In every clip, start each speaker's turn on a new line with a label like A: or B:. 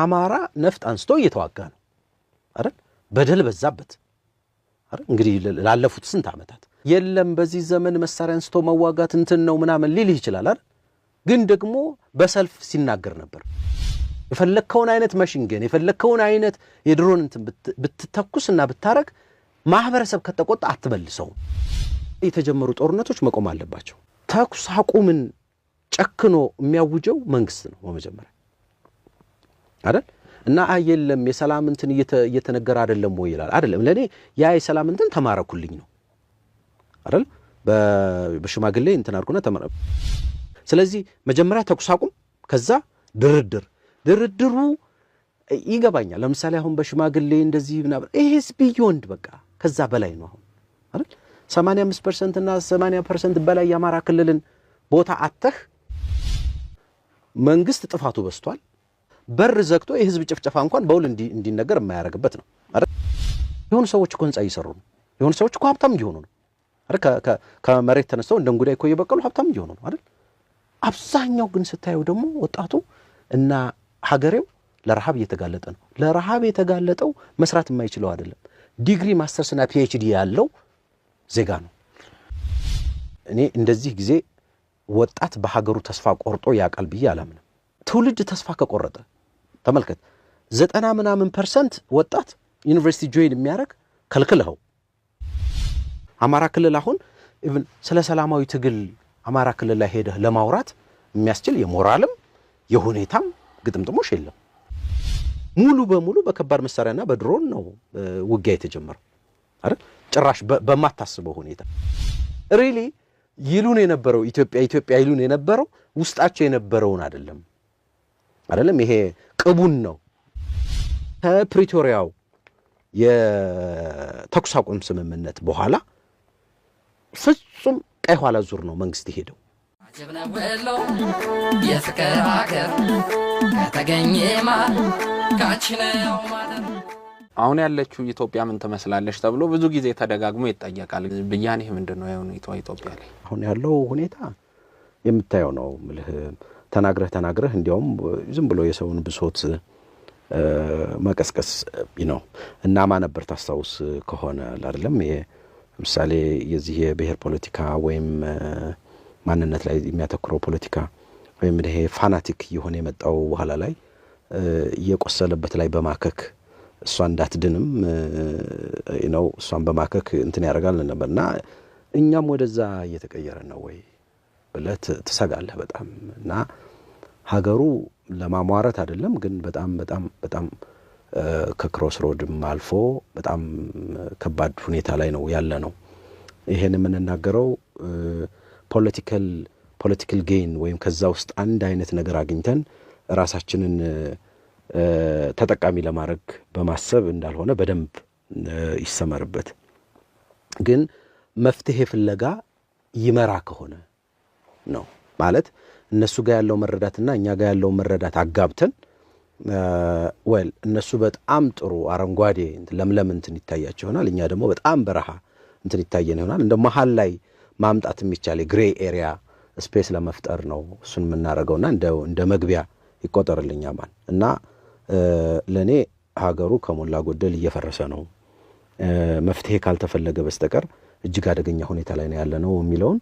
A: አማራ ነፍጥ አንስቶ እየተዋጋ ነው አይደል? በደል በዛበት አይደል? እንግዲህ ላለፉት ስንት ዓመታት የለም በዚህ ዘመን መሳሪያ አንስቶ መዋጋት እንትን ነው ምናምን ሊልህ ይችላል አይደል? ግን ደግሞ በሰልፍ ሲናገር ነበር። የፈለግከውን አይነት መሽንገን የፈለግከውን አይነት የድሮን እንትን እና ብታረግ ማህበረሰብ ከተቆጣ አትመልሰውም። የተጀመሩ ጦርነቶች መቆም አለባቸው። ተኩስ አቁምን ጨክኖ የሚያውጀው መንግስት ነው በመጀመሪያ አይደል እና አይ የለም የሰላም እንትን እየተነገረ አይደለም ወይ ይላል። አይደለም ለእኔ ያ የሰላም እንትን ተማረኩልኝ ነው አይደል በሽማግሌ እንትን አድርጎና ተመረ። ስለዚህ መጀመሪያ ተኩስ አቁም፣ ከዛ ድርድር። ድርድሩ ይገባኛል። ለምሳሌ አሁን በሽማግሌ እንደዚህ ምናምን ይሄስ ቢዮንድ በቃ ከዛ በላይ ነው። አሁን አይደል 85 ፐርሰንት እና 80 ፐርሰንት በላይ የአማራ ክልልን ቦታ አተህ መንግስት ጥፋቱ በስቷል። በር ዘግቶ የህዝብ ጭፍጨፋ እንኳን በውል እንዲነገር የማያደርግበት ነው። የሆኑ ሰዎች እኮ ህንፃ እየሰሩ ነው። የሆኑ ሰዎች እኮ ሀብታም እየሆኑ ነው ከመሬት ተነስተው እንደ እንጉዳይ እኮ እየበቀሉ ሀብታም እየሆኑ ነው አይደል? አብዛኛው ግን ስታየው ደግሞ ወጣቱ እና ሀገሬው ለረሃብ እየተጋለጠ ነው። ለረሃብ የተጋለጠው መስራት የማይችለው አይደለም። ዲግሪ ማስተርስና ፒኤችዲ ያለው ዜጋ ነው። እኔ እንደዚህ ጊዜ ወጣት በሀገሩ ተስፋ ቆርጦ ያውቃል ብዬ አላምንም። ትውልድ ተስፋ ከቆረጠ ተመልከት፣ ዘጠና ምናምን ፐርሰንት ወጣት ዩኒቨርሲቲ ጆይን የሚያደርግ ከልክልኸው። አማራ ክልል አሁን ኢቭን ስለ ሰላማዊ ትግል አማራ ክልል ላይ ሄደህ ለማውራት የሚያስችል የሞራልም የሁኔታም ግጥምጥሞሽ የለም። ሙሉ በሙሉ በከባድ መሳሪያና በድሮን ነው ውጊያ የተጀመረው አይደል? ጭራሽ በማታስበው ሁኔታ ሪሊ ይሉን የነበረው ኢትዮጵያ ኢትዮጵያ ይሉን የነበረው ውስጣቸው የነበረውን አይደለም አይደለም። ይሄ ቅቡን ነው ከፕሪቶሪያው የተኩስ አቁም ስምምነት በኋላ ፍጹም ቀይ ኋላ ዙር ነው መንግስት የሄደው። የፍቅር
B: አሁን ያለችው ኢትዮጵያ ምን ትመስላለች ተብሎ ብዙ ጊዜ ተደጋግሞ ይጠየቃል። ብያኔ ምንድን ነው ኢትዮጵያ ላይ
C: አሁን ያለው ሁኔታ የምታየው ነው ምልህም ተናግረህ ተናግረህ እንዲያውም ዝም ብሎ የሰውን ብሶት መቀስቀስ ነው። እናማ ነበር ታስታውስ ከሆነ አይደለም ምሳሌ የዚህ የብሔር ፖለቲካ ወይም ማንነት ላይ የሚያተኩረው ፖለቲካ ወይም ይሄ ፋናቲክ የሆነ የመጣው በኋላ ላይ እየቆሰለበት ላይ በማከክ እሷ እንዳትድንም ነው እሷን በማከክ እንትን ያደርጋል ነበር እና እኛም ወደዛ እየተቀየረ ነው ወይ ብለህ ትሰጋለህ በጣም እና ሀገሩ ለማሟረት አይደለም ግን በጣም በጣም በጣም ከክሮስ ሮድም አልፎ በጣም ከባድ ሁኔታ ላይ ነው ያለ ነው። ይሄን የምንናገረው ፖለቲካል ፖለቲካል ጌን ወይም ከዛ ውስጥ አንድ አይነት ነገር አግኝተን ራሳችንን ተጠቃሚ ለማድረግ በማሰብ እንዳልሆነ በደንብ ይሰመርበት። ግን መፍትሄ ፍለጋ ይመራ ከሆነ ነው ማለት እነሱ ጋር ያለው መረዳትና እኛ ጋር ያለው መረዳት አጋብተን ወል እነሱ በጣም ጥሩ አረንጓዴ ለምለም እንትን ይታያቸው ይሆናል። እኛ ደግሞ በጣም በረሃ እንትን ይታየን ይሆናል። እንደ መሀል ላይ ማምጣት የሚቻል የግሬ ኤሪያ ስፔስ ለመፍጠር ነው እሱን የምናደርገውና እንደ መግቢያ ይቆጠርልኛ ማል እና ለእኔ ሀገሩ ከሞላ ጎደል እየፈረሰ ነው መፍትሄ ካልተፈለገ በስተቀር እጅግ አደገኛ ሁኔታ ላይ ነው ያለ ነው የሚለውን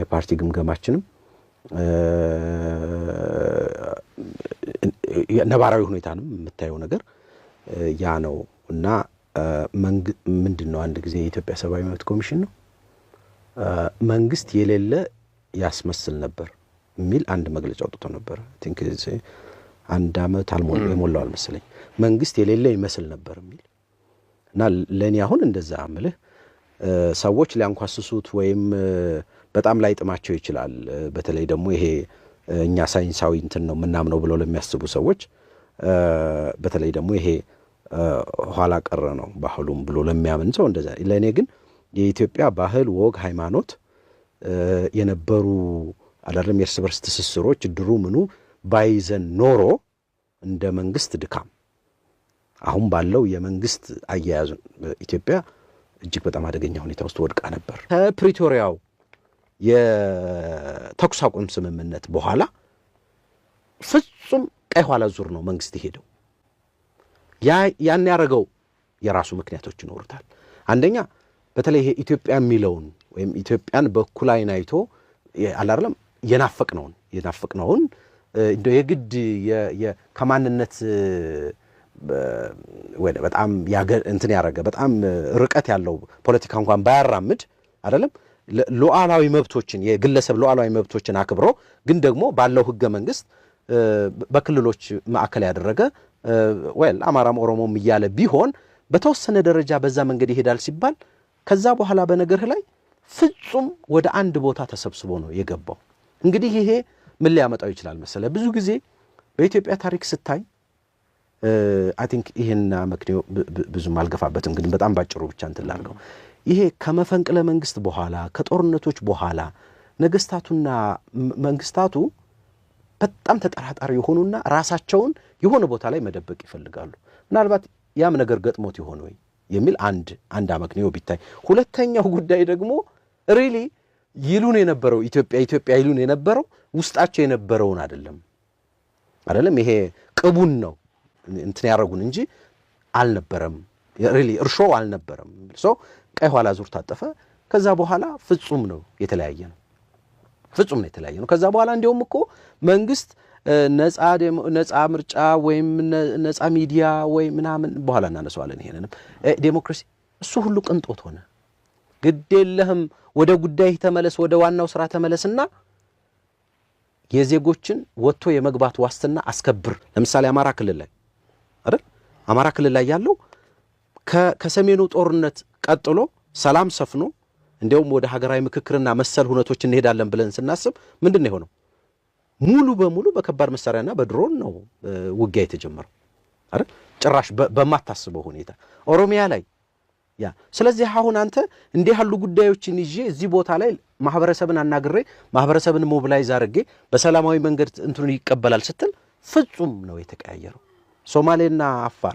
C: የፓርቲ ግምገማችንም ነባራዊ ሁኔታንም የምታየው ነገር ያ ነው እና ምንድን ነው አንድ ጊዜ የኢትዮጵያ ሰብአዊ መብት ኮሚሽን ነው መንግስት የሌለ ያስመስል ነበር የሚል አንድ መግለጫ አውጥቶ ነበር። ቲንክ አንድ አመት የሞላው አልመስለኝ መንግስት የሌለ ይመስል ነበር የሚል እና ለእኔ አሁን እንደዛ ምልህ ሰዎች ሊያንኳስሱት ወይም በጣም ላይ ጥማቸው ይችላል። በተለይ ደግሞ ይሄ እኛ ሳይንሳዊ እንትን ነው ምናምነው ብለው ለሚያስቡ ሰዎች በተለይ ደግሞ ይሄ ኋላ ቀረ ነው ባህሉም ብሎ ለሚያምን ሰው እንደዛ። ለእኔ ግን የኢትዮጵያ ባህል፣ ወግ፣ ሃይማኖት የነበሩ አዳለም የእርስ በርስ ትስስሮች ድሩ ምኑ ባይዘን ኖሮ እንደ መንግስት ድካም አሁን ባለው የመንግስት አያያዙ ኢትዮጵያ እጅግ በጣም አደገኛ ሁኔታ ውስጥ ወድቃ ነበር።
A: ከፕሪቶሪያው የተኩስ አቁም ስምምነት በኋላ ፍጹም ቀይ ኋላ ዙር ነው መንግስት የሄደው። ያን ያደረገው የራሱ ምክንያቶች ይኖሩታል። አንደኛ በተለይ ይሄ ኢትዮጵያ የሚለውን ወይም ኢትዮጵያን በኩል አይን አይቶ አላለም የናፈቅነውን የናፈቅነውን እንደ የግድ ከማንነት በጣም እንትን ያደረገ በጣም ርቀት ያለው ፖለቲካ እንኳን ባያራምድ አይደለም ሉዓላዊ መብቶችን የግለሰብ ሉዓላዊ መብቶችን አክብሮ ግን ደግሞ ባለው ህገ መንግስት በክልሎች ማዕከል ያደረገ ወይ አማራም ኦሮሞም እያለ ቢሆን በተወሰነ ደረጃ በዛ መንገድ ይሄዳል ሲባል ከዛ በኋላ በነገርህ ላይ ፍጹም ወደ አንድ ቦታ ተሰብስቦ ነው የገባው። እንግዲህ ይሄ ምን ሊያመጣው ይችላል መሰለ? ብዙ ጊዜ በኢትዮጵያ ታሪክ ስታይ አይ ቲንክ ይህና መክንዮ ብዙም አልገፋበትም፣ ግን በጣም ባጭሩ ብቻ እንትን ላድርገው ይሄ ከመፈንቅለ መንግስት በኋላ ከጦርነቶች በኋላ ነገስታቱና መንግስታቱ በጣም ተጠራጣሪ የሆኑና ራሳቸውን የሆነ ቦታ ላይ መደበቅ ይፈልጋሉ። ምናልባት ያም ነገር ገጥሞት ይሆን ወይ የሚል አንድ አንድ አመክንዮ ቢታይ፣ ሁለተኛው ጉዳይ ደግሞ ሪሊ ይሉን የነበረው ኢትዮጵያ ኢትዮጵያ ይሉን የነበረው ውስጣቸው የነበረውን አይደለም አይደለም ይሄ ቅቡን ነው እንትን ያደረጉን እንጂ አልነበረም። ሪሊ እርሾ አልነበረም። ቀይ ኋላ ዙር ታጠፈ። ከዛ በኋላ ፍጹም ነው የተለያየ ነው ፍጹም ነው የተለያየ ነው። ከዛ በኋላ እንዲያውም እኮ መንግስት ነጻ ምርጫ ወይም ነጻ ሚዲያ ወይ ምናምን በኋላ እናነሰዋለን። ይሄንንም ዴሞክራሲ እሱ ሁሉ ቅንጦት ሆነ። ግድ የለህም ወደ ጉዳይ ተመለስ፣ ወደ ዋናው ስራ ተመለስና የዜጎችን ወጥቶ የመግባት ዋስትና አስከብር። ለምሳሌ አማራ ክልል ላይ አይደል አማራ ክልል ላይ ያለው ከሰሜኑ ጦርነት ቀጥሎ ሰላም ሰፍኖ እንዲያውም ወደ ሀገራዊ ምክክርና መሰል ሁነቶች እንሄዳለን ብለን ስናስብ ምንድን ነው የሆነው? ሙሉ በሙሉ በከባድ መሳሪያና በድሮን ነው ውጊያ የተጀመረው አይደል? ጭራሽ በማታስበው ሁኔታ ኦሮሚያ ላይ ያ። ስለዚህ አሁን አንተ እንዲህ ያሉ ጉዳዮችን ይዤ እዚህ ቦታ ላይ ማህበረሰብን አናግሬ ማህበረሰብን ሞብላይዝ አድርጌ በሰላማዊ መንገድ እንትኑ ይቀበላል ስትል ፍጹም ነው የተቀያየረው። ሶማሌና አፋር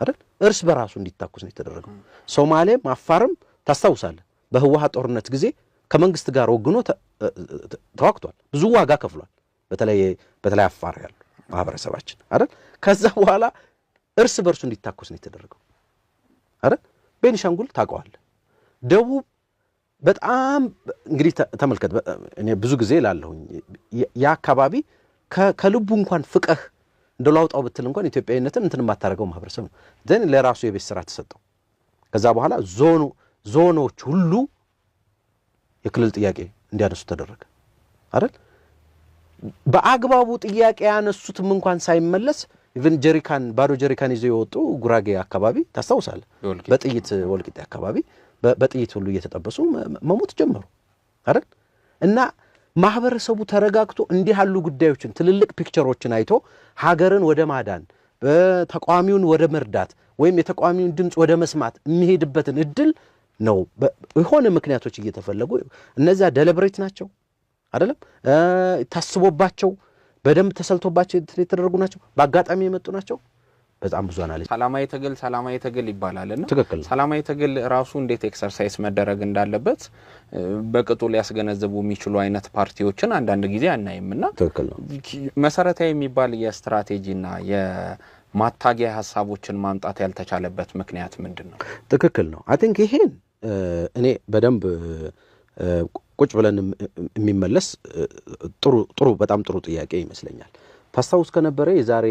A: አይደል እርስ በራሱ እንዲታኩስ ነው የተደረገው። ሶማሌም አፋርም ታስታውሳለህ በህወሓት ጦርነት ጊዜ ከመንግስት ጋር ወግኖ ተዋግቷል። ብዙ ዋጋ ከፍሏል። በተለይ በተለይ አፋር ያሉ ማህበረሰባችን አይደል ከዛ በኋላ እርስ በርሱ እንዲታኮስ ነው የተደረገው አይደል ቤኒሻንጉል ታውቀዋለህ። ደቡብ በጣም እንግዲህ ተመልከት። እኔ ብዙ ጊዜ ላለሁኝ አካባቢ ከልቡ እንኳን ፍቀህ እንደ ላውጣው ብትል እንኳን ኢትዮጵያዊነትን እንትን የማታደርገው ማህበረሰብ ነው። ዘን ለራሱ የቤት ስራ ተሰጠው። ከዛ በኋላ ዞኑ ዞኖች ሁሉ የክልል ጥያቄ እንዲያነሱ ተደረገ አይደል? በአግባቡ ጥያቄ ያነሱትም እንኳን ሳይመለስ ኢቨን ጀሪካን ባዶ ጀሪካን ይዘው የወጡ ጉራጌ አካባቢ ታስታውሳለህ? በጥይት ወልቂጤ አካባቢ በጥይት ሁሉ እየተጠበሱ መሞት ጀመሩ አይደል እና ማህበረሰቡ ተረጋግቶ እንዲህ ያሉ ጉዳዮችን ትልልቅ ፒክቸሮችን አይቶ ሀገርን ወደ ማዳን ተቃዋሚውን ወደ መርዳት ወይም የተቋሚውን ድምፅ ወደ መስማት የሚሄድበትን እድል ነው። የሆነ ምክንያቶች እየተፈለጉ እነዚያ ደለብሬት ናቸው አይደለም፣ ታስቦባቸው በደንብ ተሰልቶባቸው የተደረጉ ናቸው፣ በአጋጣሚ የመጡ ናቸው። በጣም ብዙ አናሊስት
D: ሰላማዊ ትግል ሰላማዊ ትግል ይባላል እና ትክክል ሰላማዊ ትግል ራሱ እንዴት ኤክሰርሳይዝ መደረግ እንዳለበት በቅጡ ሊያስገነዝቡ የሚችሉ አይነት ፓርቲዎችን አንዳንድ ጊዜ አናይም እና ትክክል ነው መሰረታዊ የሚባል የስትራቴጂና የማታጊያ ሀሳቦችን ማምጣት ያልተቻለበት ምክንያት ምንድን ነው?
A: ትክክል ነው። አይ ቲንክ ይሄን እኔ በደንብ ቁጭ ብለን የሚመለስ ጥሩ ጥሩ በጣም ጥሩ ጥያቄ ይመስለኛል። ታስታውስ ከነበረ የዛሬ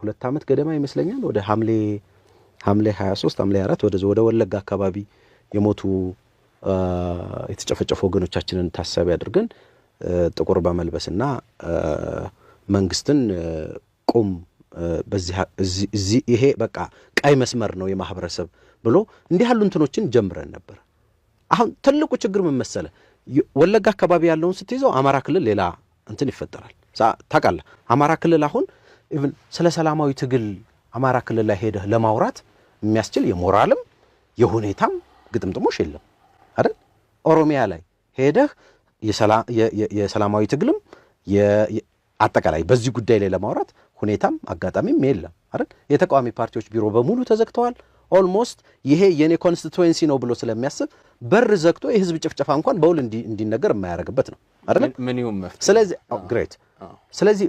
A: ሁለት ዓመት ገደማ ይመስለኛል ወደ ሐምሌ ሐምሌ 23 ሐምሌ 4 ወደ ወደ ወለጋ አካባቢ የሞቱ የተጨፈጨፉ ወገኖቻችንን ታሳቢ አድርገን ጥቁር በመልበስና መንግስትን ቁም በዚህ ይሄ በቃ ቀይ መስመር ነው የማህበረሰብ ብሎ እንዲህ ያሉ እንትኖችን ጀምረን ነበር። አሁን ትልቁ ችግር ምን መሰለ፣ ወለጋ አካባቢ ያለውን ስትይዘው አማራ ክልል ሌላ እንትን ይፈጠራል። ታውቃለህ፣ አማራ ክልል አሁን ኢቭን ስለ ሰላማዊ ትግል አማራ ክልል ላይ ሄደህ ለማውራት የሚያስችል የሞራልም የሁኔታም ግጥምጥሞሽ የለም አይደል? ኦሮሚያ ላይ ሄደህ የሰላማዊ ትግልም አጠቃላይ በዚህ ጉዳይ ላይ ለማውራት ሁኔታም አጋጣሚም የለም አይደል? የተቃዋሚ ፓርቲዎች ቢሮ በሙሉ ተዘግተዋል። ኦልሞስት ይሄ የኔ ኮንስቲትዌንሲ ነው ብሎ ስለሚያስብ በር ዘግቶ የህዝብ ጭፍጨፋ እንኳን በውል እንዲነገር የማያደርግበት ነው አይደል? ስለዚህ ግሬት ስለዚህ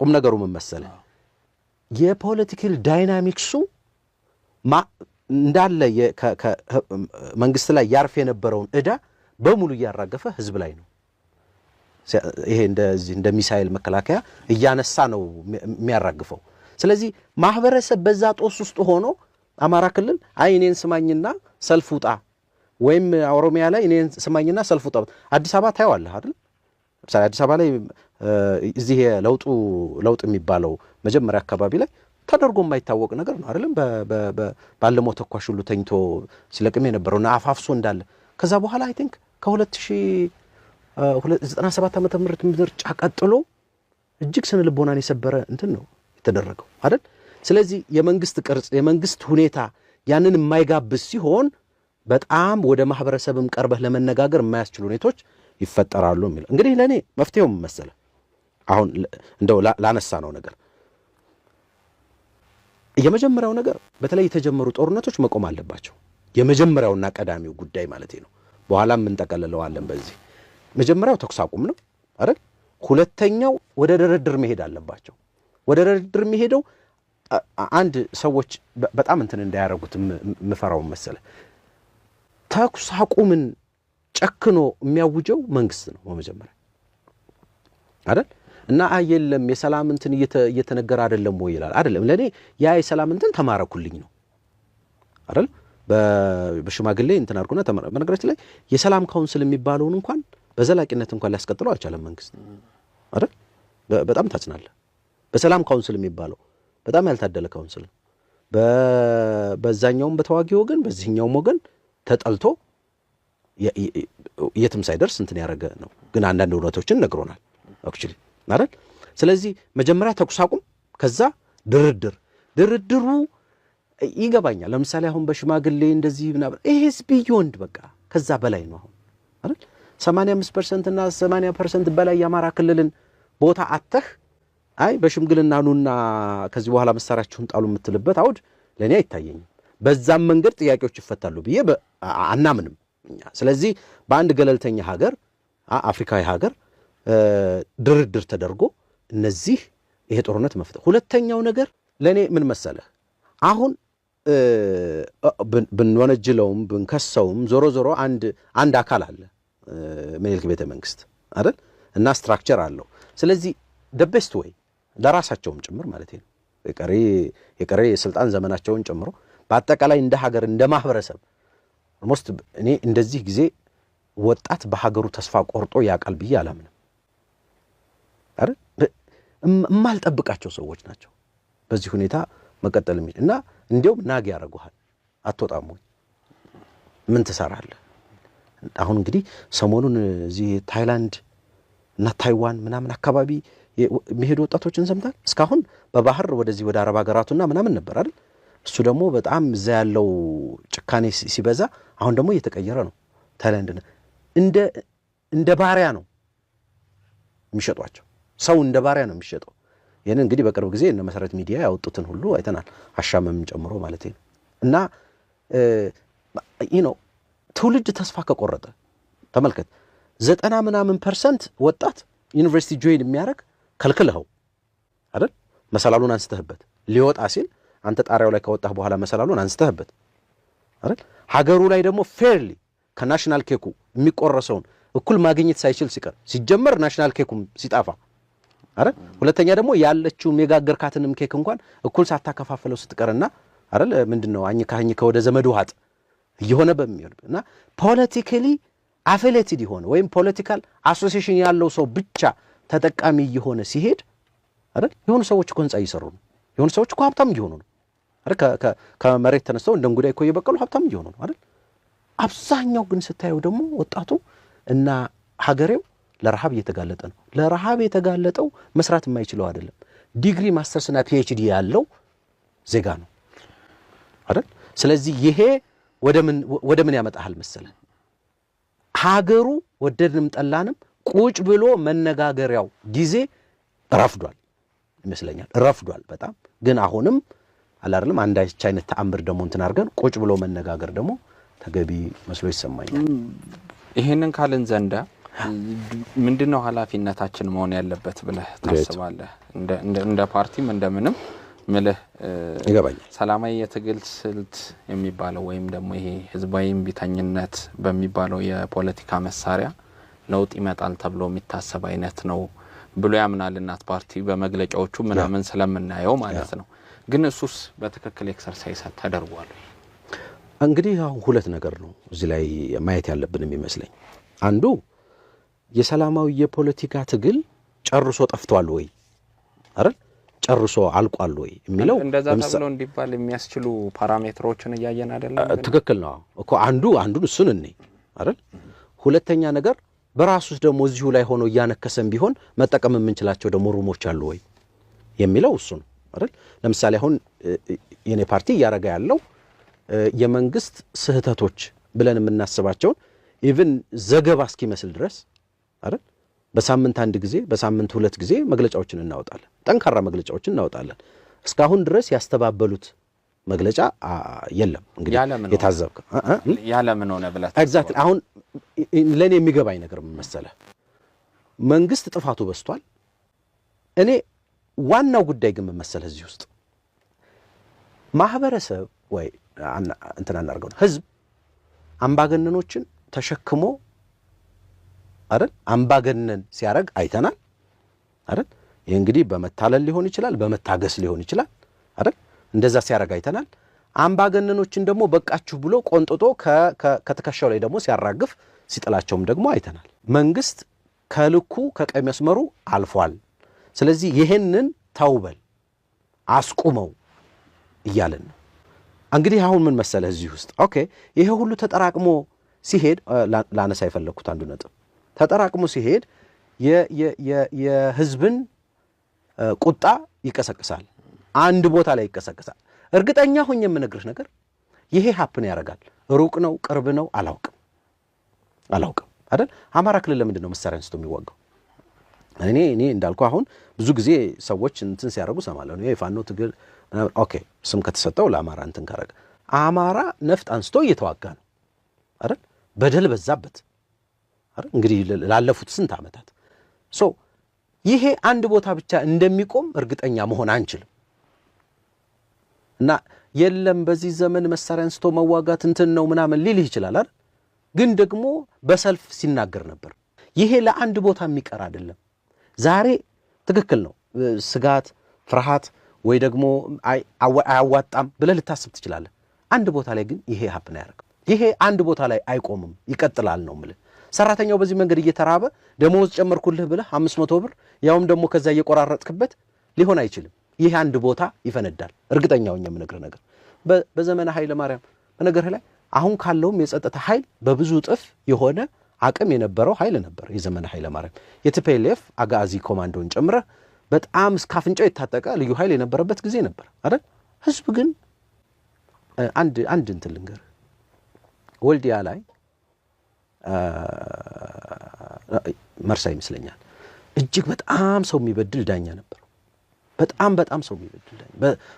A: ቁም ነገሩ ምን መሰለ የፖለቲካል ዳይናሚክሱ እንዳለ መንግስት ላይ ያርፍ የነበረውን እዳ በሙሉ እያራገፈ ህዝብ ላይ ነው። ይሄ እንደዚህ እንደ ሚሳኤል መከላከያ እያነሳ ነው የሚያራግፈው። ስለዚህ ማህበረሰብ በዛ ጦስ ውስጥ ሆኖ አማራ ክልል አይ እኔን ስማኝና ሰልፍ ውጣ፣ ወይም ኦሮሚያ ላይ እኔን ስማኝና ሰልፍ ውጣ። አዲስ አበባ ታየዋለህ አይደል? ለምሳሌ አዲስ አበባ ላይ እዚህ የለውጡ ለውጥ የሚባለው መጀመሪያ አካባቢ ላይ ተደርጎ የማይታወቅ ነገር ነው አይደለም። ባለመው ተኳሽ ሁሉ ተኝቶ ሲለቅም የነበረው ና አፋፍሶ እንዳለ ከዛ በኋላ አይ ቲንክ ከ2097 ዓ ም ምርጫ ቀጥሎ እጅግ ስነ ልቦናን የሰበረ እንትን ነው የተደረገው አይደል። ስለዚህ የመንግስት ቅርጽ የመንግስት ሁኔታ ያንን የማይጋብዝ ሲሆን በጣም ወደ ማህበረሰብም ቀርበህ ለመነጋገር የማያስችሉ ሁኔቶች ይፈጠራሉ የሚለው እንግዲህ ለእኔ መፍትሄውም መሰለ አሁን እንደው ላነሳ ነው ነገር የመጀመሪያው ነገር በተለይ የተጀመሩ ጦርነቶች መቆም አለባቸው። የመጀመሪያውና ቀዳሚው ጉዳይ ማለት ነው። በኋላም እንጠቀልለዋለን በዚህ መጀመሪያው ተኩስ አቁም ነው አይደል? ሁለተኛው ወደ ድርድር መሄድ አለባቸው። ወደ ድርድር የሚሄደው አንድ ሰዎች በጣም እንትን እንዳያደርጉት የምፈራውን መሰለ ተኩስ አቁምን ጨክኖ የሚያውጀው መንግስት ነው በመጀመሪያ አይደል እና አይ የለም የሰላም እንትን እየተነገረ አይደለም ወይ ይላል። አይደለም ለእኔ ያ የሰላም እንትን ተማረኩልኝ ነው አይደል በሽማግሌ እንትን አድርጎና ተመራ። በነገራችን ላይ የሰላም ካውንስል የሚባለውን እንኳን በዘላቂነት እንኳን ሊያስቀጥለው አልቻለም መንግስት አይደል። በጣም ታጽናለ በሰላም ካውንስል የሚባለው በጣም ያልታደለ ካውንስል ነው። በዛኛውም በተዋጊ ወገን በዚህኛውም ወገን ተጠልቶ የትም ሳይደርስ እንትን ያደረገ ነው። ግን አንዳንድ እውነቶችን ነግሮናል አክቹዋሊ ማለት ስለዚህ መጀመሪያ ተኩስ አቁም፣ ከዛ ድርድር። ድርድሩ ይገባኛል። ለምሳሌ አሁን በሽማግሌ እንደዚህ ምናምን ይሄ ቢዮንድ በቃ ከዛ በላይ ነው። አሁን አይደል 85 ፐርሰንት እና 80 ፐርሰንት በላይ የአማራ ክልልን ቦታ አተህ አይ በሽምግልና ኑና ከዚህ በኋላ መሳሪያችሁን ጣሉ የምትልበት አውድ ለእኔ አይታየኝም። በዛም መንገድ ጥያቄዎች ይፈታሉ ብዬ አናምንም። ስለዚህ በአንድ ገለልተኛ ሀገር አፍሪካዊ ሀገር ድርድር ተደርጎ እነዚህ ይሄ ጦርነት መፍጠር። ሁለተኛው ነገር ለእኔ ምን መሰለህ፣ አሁን ብንወነጅለውም ብንከሰውም ዞሮ ዞሮ አንድ አካል አለ ምኒልክ ቤተ መንግስት አይደል እና ስትራክቸር አለው። ስለዚህ ደ ቤስት ወይ ለራሳቸውም ጭምር ማለት ነው የቀሬ የስልጣን ዘመናቸውን ጨምሮ በአጠቃላይ እንደ ሀገር እንደ ማህበረሰብ ኦልሞስት እኔ እንደዚህ ጊዜ ወጣት በሀገሩ ተስፋ ቆርጦ ያውቃል ብዬ አላምንም። አረ እማልጠብቃቸው ሰዎች ናቸው። በዚህ ሁኔታ መቀጠል የሚችል እና እንዲያውም ናግ ያደርጉሃል። አትወጣም ወይ ምን ትሰራለህ? አሁን እንግዲህ ሰሞኑን እዚህ ታይላንድ እና ታይዋን ምናምን አካባቢ የሚሄዱ ወጣቶችን ሰምታል። እስካሁን በባህር ወደዚህ ወደ አረብ ሀገራቱና ምናምን ነበር አይደል? እሱ ደግሞ በጣም እዛ ያለው ጭካኔ ሲበዛ አሁን ደግሞ እየተቀየረ ነው። ታይላንድ እንደ እንደ ባሪያ ነው የሚሸጧቸው። ሰው እንደ ባሪያ ነው የሚሸጠው። ይህን እንግዲህ በቅርብ ጊዜ እነ መሰረት ሚዲያ ያወጡትን ሁሉ አይተናል። አሻመምን ጨምሮ ማለት ነው እና ይህ ነው ትውልድ ተስፋ ከቆረጠ ተመልከት፣ ዘጠና ምናምን ፐርሰንት ወጣት ዩኒቨርሲቲ ጆይን የሚያደርግ ከልክልኸው አይደል? መሰላሉን አንስተህበት ሊወጣ ሲል አንተ ጣሪያው ላይ ከወጣህ በኋላ መሰላሉን አንስተህበት አይደል? ሀገሩ ላይ ደግሞ ፌርሊ ከናሽናል ኬኩ የሚቆረሰውን እኩል ማግኘት ሳይችል ሲቀር ሲጀመር ናሽናል ኬኩም ሲጣፋ አይደል? ሁለተኛ ደግሞ ያለችው የጋገርካትንም ኬክ እንኳን እኩል ሳታከፋፈለው ስትቀርና አይደል ምንድን ነው አኝ አኝካ ከወደ ዘመድ ውሃጥ እየሆነ በሚሆን እና ፖለቲካሊ አፊሌትድ የሆነ ወይም ፖለቲካል አሶሲሽን ያለው ሰው ብቻ ተጠቃሚ እየሆነ ሲሄድ አይደል የሆኑ ሰዎች እኮ ህንፃ እየሰሩ ነው። የሆኑ ሰዎች እኮ ሀብታም እየሆኑ ነው። ከመሬት ተነስተው እንደ እንጉዳይ እኮ እየበቀሉ ሀብታም እየሆኑ ነው አይደል? አብዛኛው ግን ስታየው ደግሞ ወጣቱ እና ሀገሬው ለረሃብ እየተጋለጠ ነው። ለረሃብ የተጋለጠው መስራት የማይችለው አይደለም። ዲግሪ ማስተርስና ፒኤችዲ ያለው ዜጋ ነው አይደል? ስለዚህ ይሄ ወደ ምን ያመጣሃል መሰለን ሀገሩ ወደድንም ጠላንም ቁጭ ብሎ መነጋገሪያው ጊዜ ረፍዷል ይመስለኛል። ረፍዷል በጣም ግን አሁንም አላርልም አንድ አንዳች አይነት ተአምር ደግሞ እንትን አድርገን ቁጭ ብሎ መነጋገር ደግሞ ተገቢ መስሎ ይሰማኛል።
D: ይሄንን ካልን ዘንዳ ምንድነው ኃላፊነታችን መሆን ያለበት ብለህ ታስባለህ? እንደ ፓርቲም እንደምንም ምልህ ይገባኛል። ሰላማዊ የትግል ስልት የሚባለው ወይም ደግሞ ይሄ ህዝባዊ እምቢተኝነት በሚባለው የፖለቲካ መሳሪያ ለውጥ ይመጣል ተብሎ የሚታሰብ አይነት ነው ብሎ ያምናል እናት ፓርቲ በመግለጫዎቹ ምናምን ስለምናየው ማለት ነው። ግን እሱስ በትክክል ኤክሰርሳይዝ ተደርጓል?
A: እንግዲህ አሁን ሁለት ነገር ነው እዚህ ላይ ማየት ያለብን የሚመስለኝ። አንዱ የሰላማዊ የፖለቲካ ትግል ጨርሶ ጠፍቷል ወይ አይደል ጨርሶ አልቋል ወይ
D: የሚለው እንደዛ ተብሎ እንዲባል የሚያስችሉ ፓራሜትሮችን እያየን አይደለም።
A: ትክክል ነው እኮ አንዱ አንዱን እሱን እኔ አይደል። ሁለተኛ ነገር በራሱ ደግሞ እዚሁ ላይ ሆኖ እያነከሰን ቢሆን መጠቀም የምንችላቸው ደግሞ ሩሞች አሉ ወይ የሚለው እሱ ነው። አይደል? ለምሳሌ አሁን የኔ ፓርቲ እያረገ ያለው የመንግስት ስህተቶች ብለን የምናስባቸውን ኢቭን ዘገባ እስኪመስል ድረስ አይደል? በሳምንት አንድ ጊዜ በሳምንት ሁለት ጊዜ መግለጫዎችን እናወጣለን፣ ጠንካራ መግለጫዎችን እናወጣለን። እስካሁን ድረስ ያስተባበሉት መግለጫ የለም።
D: እንግዲህ የታዘብከ ያለምን ሆነ ብላ
A: ኤግዛክትሊ አሁን ለእኔ የሚገባኝ ነገር መሰለ መንግስት ጥፋቱ በስቷል። እኔ ዋናው ጉዳይ ግን መመሰል እዚህ ውስጥ ማህበረሰብ ወይ እንትን አናርገው ነው ህዝብ አምባገነኖችን ተሸክሞ አይደል አምባገነን ሲያደርግ አይተናል አይደል ይህ እንግዲህ በመታለል ሊሆን ይችላል በመታገስ ሊሆን ይችላል አይደል እንደዛ ሲያደርግ አይተናል አምባገነኖችን ደግሞ በቃችሁ ብሎ ቆንጥጦ ከትከሻው ላይ ደግሞ ሲያራግፍ ሲጥላቸውም ደግሞ አይተናል መንግስት ከልኩ ከቀይ መስመሩ አልፏል ስለዚህ ይሄንን ተውበል አስቁመው እያለን ነው። እንግዲህ አሁን ምን መሰለህ እዚህ ውስጥ ኦኬ፣ ይሄ ሁሉ ተጠራቅሞ ሲሄድ ላነሳ የፈለግኩት አንዱ ነጥብ ተጠራቅሞ ሲሄድ የህዝብን ቁጣ ይቀሰቅሳል። አንድ ቦታ ላይ ይቀሰቅሳል። እርግጠኛ ሆኜ የምነግርህ ነገር ይሄ ሀፕን ያደርጋል። ሩቅ ነው ቅርብ ነው አላውቅም፣ አላውቅም አይደል? አማራ ክልል ለምንድን ነው መሳሪያ አንስቶ የሚዋጋው? እኔ እኔ እንዳልኩ አሁን ብዙ ጊዜ ሰዎች እንትን ሲያደርጉ ሰማለሁ። የፋኖ ትግል ኦኬ፣ ስም ከተሰጠው ለአማራ እንትን ካረገ አማራ ነፍጥ አንስቶ እየተዋጋ ነው አይደል? በደል በዛበት አይደል? እንግዲህ ላለፉት ስንት ዓመታት ሶ ይሄ አንድ ቦታ ብቻ እንደሚቆም እርግጠኛ መሆን አንችልም። እና የለም በዚህ ዘመን መሳሪያ አንስቶ መዋጋት እንትን ነው ምናምን ሊልህ ይችላል አይደል? ግን ደግሞ በሰልፍ ሲናገር ነበር። ይሄ ለአንድ ቦታ የሚቀር አይደለም። ዛሬ ትክክል ነው። ስጋት፣ ፍርሃት ወይ ደግሞ አያዋጣም ብለህ ልታስብ ትችላለህ። አንድ ቦታ ላይ ግን ይሄ ሀፕን አያደርግም። ይሄ አንድ ቦታ ላይ አይቆምም፣ ይቀጥላል ነው የምልህ። ሰራተኛው በዚህ መንገድ እየተራበ ደሞዝ ጨመርኩልህ ብለህ አምስት መቶ ብር ያውም ደግሞ ከዛ እየቆራረጥክበት ሊሆን አይችልም። ይህ አንድ ቦታ ይፈነዳል። እርግጠኛው የምነግርህ ነገር በዘመነ ኃይለ ማርያም በነገርህ ላይ አሁን ካለውም የጸጥታ ኃይል በብዙ እጥፍ የሆነ አቅም የነበረው ኃይል ነበር። የዘመነ ኃይለ ማርያም የቲፒኤልኤፍ አጋዚ ኮማንዶን ጨምረ በጣም እስከ አፍንጫው የታጠቀ ልዩ ኃይል የነበረበት ጊዜ ነበር አይደል? ህዝብ ግን አንድ አንድ እንትን ልንገር፣ ወልዲያ ላይ መርሳ ይመስለኛል እጅግ በጣም ሰው የሚበድል ዳኛ ነበር። በጣም በጣም ሰው የሚበድል ዳኛ፣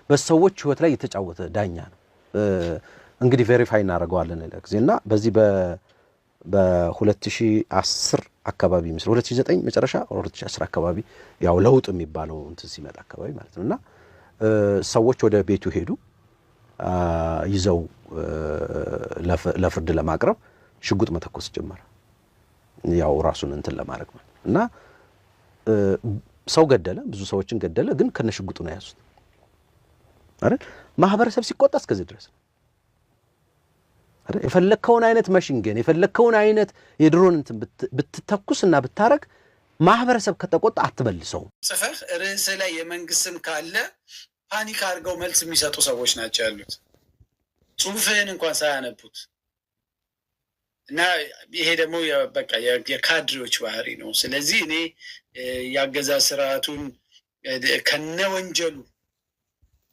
A: በሰዎች ህይወት ላይ የተጫወተ ዳኛ ነው። እንግዲህ ቬሪፋይ እናደርገዋለን ለጊዜ እና በዚህ በ2010 አካባቢ ምስል 2009 መጨረሻ 2010 አካባቢ ያው ለውጥ የሚባለው እንትን ሲመጣ አካባቢ ማለት ነው እና ሰዎች ወደ ቤቱ ሄዱ ይዘው ለፍርድ ለማቅረብ ሽጉጥ መተኮስ ጀመረ። ያው ራሱን እንትን ለማድረግ ማለት እና ሰው ገደለ፣ ብዙ ሰዎችን ገደለ። ግን ከነ ሽጉጡ ነው የያዙት አይደል? ማህበረሰብ ሲቆጣ እስከዚህ ድረስ ነው። የፈለግከውን አይነት መሽንገን የፈለግከውን አይነት የድሮን እንትን እና ብታረግ ማህበረሰብ ከተቆጣ አትበልሰውም።
E: ጽፈህ ርዕስ ላይ የመንግስት ስም ካለ ፓኒክ አድርገው መልስ የሚሰጡ ሰዎች ናቸው ያሉት ጽሁፍህን እንኳን ሳያነቡት እና ይሄ ደግሞ በቃ የካድሬዎች ባህሪ ነው። ስለዚህ እኔ የአገዛ ስርዓቱን ከነወንጀሉ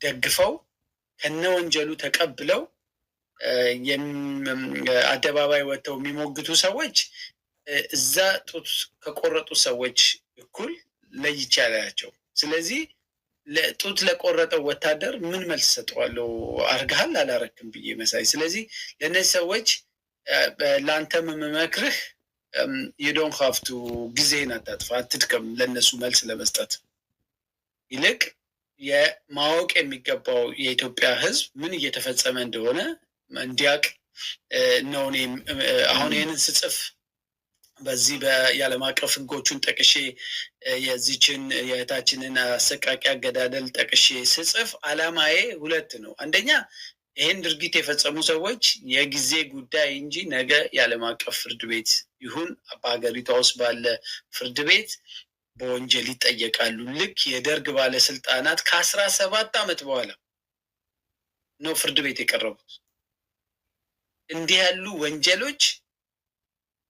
E: ደግፈው ከነወንጀሉ ተቀብለው አደባባይ ወጥተው የሚሞግቱ ሰዎች እዛ ጡት ከቆረጡ ሰዎች እኩል ለይቼ አላያቸው። ስለዚህ ጡት ለቆረጠው ወታደር ምን መልስ ሰጠዋለሁ? አርግሃል አላረክም ብዬ መሳይ። ስለዚህ ለእነዚህ ሰዎች ለአንተም የምመክርህ የዶን ሀፍቱ ጊዜህን አታጥፋ፣ አትድከም ለእነሱ መልስ ለመስጠት ይልቅ የማወቅ የሚገባው የኢትዮጵያ ሕዝብ ምን እየተፈጸመ እንደሆነ እንዲያቅ ነው። እኔም አሁን ይህንን ስጽፍ በዚህ የዓለም አቀፍ ህጎቹን ጠቅሼ የዚችን የእህታችንን አሰቃቂ አገዳደል ጠቅሼ ስጽፍ አላማዬ ሁለት ነው። አንደኛ ይህን ድርጊት የፈጸሙ ሰዎች የጊዜ ጉዳይ እንጂ ነገ የዓለም አቀፍ ፍርድ ቤት ይሁን በሀገሪቷ ውስጥ ባለ ፍርድ ቤት በወንጀል ይጠየቃሉ። ልክ የደርግ ባለስልጣናት ከአስራ ሰባት ዓመት በኋላ ነው ፍርድ ቤት የቀረቡት። እንዲህ ያሉ ወንጀሎች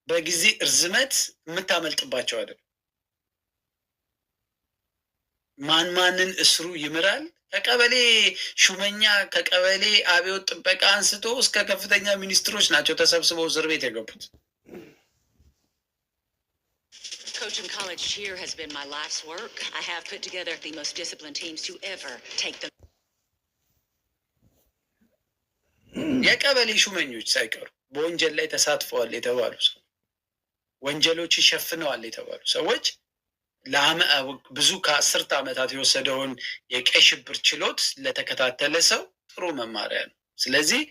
E: በጊዜ እርዝመት የምታመልጥባቸው አይደል? ማን ማንን እስሩ ይምራል። ከቀበሌ ሹመኛ ከቀበሌ አብዮት ጥበቃ አንስቶ እስከ ከፍተኛ ሚኒስትሮች ናቸው ተሰብስበው እስር ቤት የገቡት። ኮችን college cheer has been my life's work. I have put together የቀበሌ ሹመኞች ሳይቀሩ በወንጀል ላይ ተሳትፈዋል የተባሉ ሰው ወንጀሎች ይሸፍነዋል የተባሉ ሰዎች ብዙ ከአስርት ዓመታት የወሰደውን የቀይ ሽብር ችሎት ለተከታተለ ሰው ጥሩ መማሪያ ነው። ስለዚህ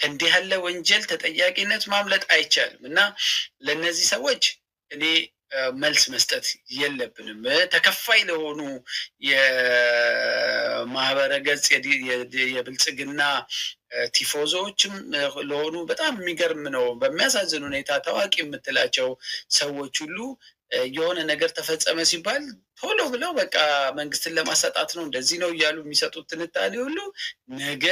E: ከእንዲህ ያለ ወንጀል ተጠያቂነት ማምለጥ አይቻልም እና ለእነዚህ ሰዎች እኔ መልስ መስጠት የለብንም። ተከፋይ ለሆኑ የማህበረ ገጽ የብልጽግና ቲፎዞዎችም ለሆኑ በጣም የሚገርም ነው። በሚያሳዝን ሁኔታ ታዋቂ የምትላቸው ሰዎች ሁሉ የሆነ ነገር ተፈጸመ ሲባል ቶሎ ብለው በቃ መንግስትን ለማሳጣት ነው እንደዚህ ነው እያሉ የሚሰጡት ትንታኔ ሁሉ ነገ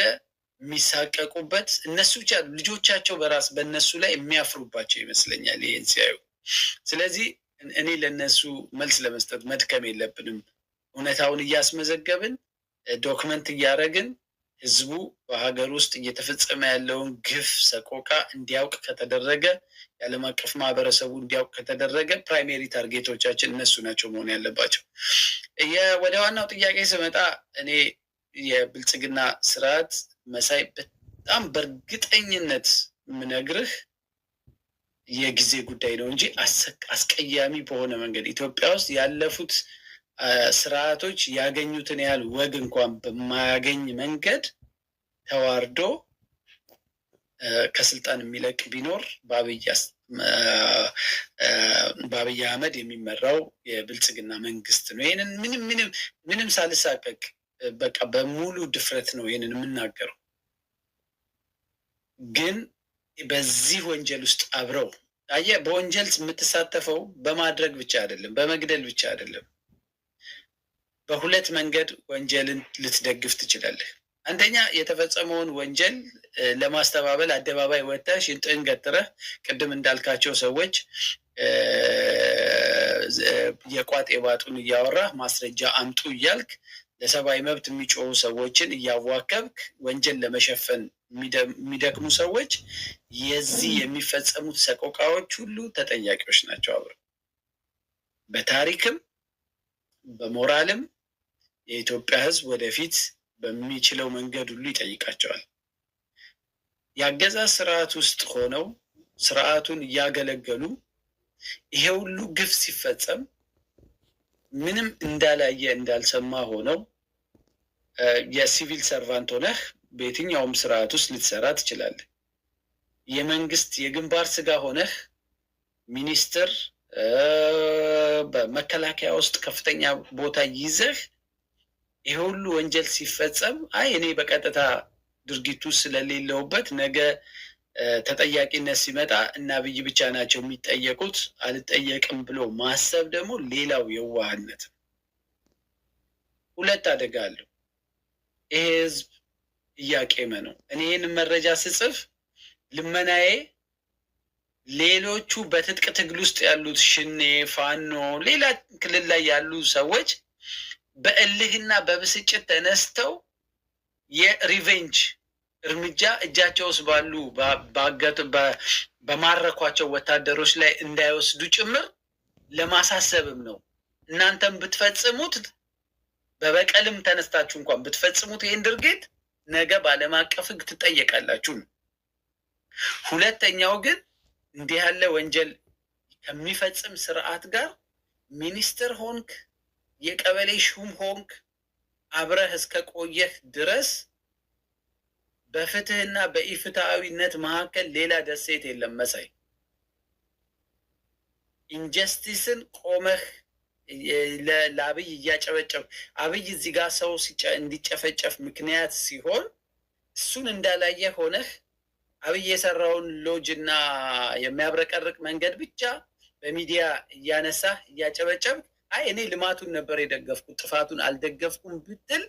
E: የሚሳቀቁበት እነሱ ብቻ ልጆቻቸው በራስ በእነሱ ላይ የሚያፍሩባቸው ይመስለኛል ይህን ሲያዩ። ስለዚህ እኔ ለእነሱ መልስ ለመስጠት መድከም የለብንም። እውነታውን እያስመዘገብን ዶክመንት እያደረግን ህዝቡ በሀገር ውስጥ እየተፈጸመ ያለውን ግፍ ሰቆቃ እንዲያውቅ ከተደረገ የዓለም አቀፍ ማህበረሰቡ እንዲያውቅ ከተደረገ ፕራይሜሪ ታርጌቶቻችን እነሱ ናቸው መሆን ያለባቸው። ወደ ዋናው ጥያቄ ስመጣ እኔ የብልጽግና ስርዓት መሳይ በጣም በእርግጠኝነት የምነግርህ የጊዜ ጉዳይ ነው እንጂ አስቀያሚ በሆነ መንገድ ኢትዮጵያ ውስጥ ያለፉት ስርዓቶች ያገኙትን ያህል ወግ እንኳን በማያገኝ መንገድ ተዋርዶ ከስልጣን የሚለቅ ቢኖር በአብይ አህመድ የሚመራው የብልጽግና መንግስት ነው። ይህንን ምንም ምንም ምንም ሳልሳቀቅ በቃ በሙሉ ድፍረት ነው ይህንን የምናገረው ግን በዚህ ወንጀል ውስጥ አብረው አየ በወንጀል የምትሳተፈው በማድረግ ብቻ አይደለም፣ በመግደል ብቻ አይደለም። በሁለት መንገድ ወንጀልን ልትደግፍ ትችላለህ። አንደኛ የተፈጸመውን ወንጀል ለማስተባበል አደባባይ ወጥተህ ሽንጥህን ገትረህ፣ ቅድም እንዳልካቸው ሰዎች የቋጥ የባጡን እያወራህ ማስረጃ አምጡ እያልክ ለሰብአዊ መብት የሚጮሁ ሰዎችን እያዋከብክ ወንጀል ለመሸፈን የሚደክሙ ሰዎች የዚህ የሚፈጸሙት ሰቆቃዎች ሁሉ ተጠያቂዎች ናቸው። አብረው በታሪክም በሞራልም የኢትዮጵያ ሕዝብ ወደፊት በሚችለው መንገድ ሁሉ ይጠይቃቸዋል። የአገዛዝ ስርዓት ውስጥ ሆነው ስርዓቱን እያገለገሉ ይሄ ሁሉ ግፍ ሲፈጸም ምንም እንዳላየ እንዳልሰማ ሆነው የሲቪል ሰርቫንት ሆነህ በየትኛውም ስርዓት ውስጥ ልትሰራ ትችላለህ። የመንግስት የግንባር ስጋ ሆነህ ሚኒስትር፣ በመከላከያ ውስጥ ከፍተኛ ቦታ ይዘህ ይህ ሁሉ ወንጀል ሲፈጸም አይ እኔ በቀጥታ ድርጊቱ ስለሌለውበት ነገ ተጠያቂነት ሲመጣ እና ብይ ብቻ ናቸው የሚጠየቁት አልጠየቅም ብሎ ማሰብ ደግሞ ሌላው የዋህነት። ሁለት አደጋ አለው ይሄ ህዝብ እያቄመ ነው። እኔ ይህን መረጃ ስጽፍ ልመናዬ ሌሎቹ በትጥቅ ትግል ውስጥ ያሉት ሽኔ፣ ፋኖ፣ ሌላ ክልል ላይ ያሉ ሰዎች በእልህና በብስጭት ተነስተው የሪቬንጅ እርምጃ እጃቸው ውስጥ ባሉ በማረኳቸው ወታደሮች ላይ እንዳይወስዱ ጭምር ለማሳሰብም ነው። እናንተም ብትፈጽሙት በበቀልም ተነስታችሁ እንኳን ብትፈጽሙት ይህን ድርጊት ነገ በዓለም አቀፍ ሕግ ትጠየቃላችሁ ነው። ሁለተኛው ግን እንዲህ ያለ ወንጀል ከሚፈጽም ስርዓት ጋር ሚኒስትር ሆንክ፣ የቀበሌ ሹም ሆንክ አብረህ እስከ ቆየህ ድረስ በፍትህና በኢፍትሐዊነት መካከል ሌላ ደሴት የለም። መሳይ ኢንጀስቲስን ቆመህ ለአብይ እያጨበጨብ አብይ እዚህ ጋር ሰው እንዲጨፈጨፍ ምክንያት ሲሆን እሱን እንዳላየ ሆነህ አብይ የሰራውን ሎጅ እና የሚያብረቀርቅ መንገድ ብቻ በሚዲያ እያነሳ እያጨበጨብ አይ እኔ ልማቱን ነበር የደገፍኩት ጥፋቱን አልደገፍኩም ብትል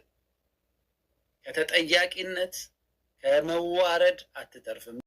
E: ከተጠያቂነት ከመዋረድ አትተርፍም።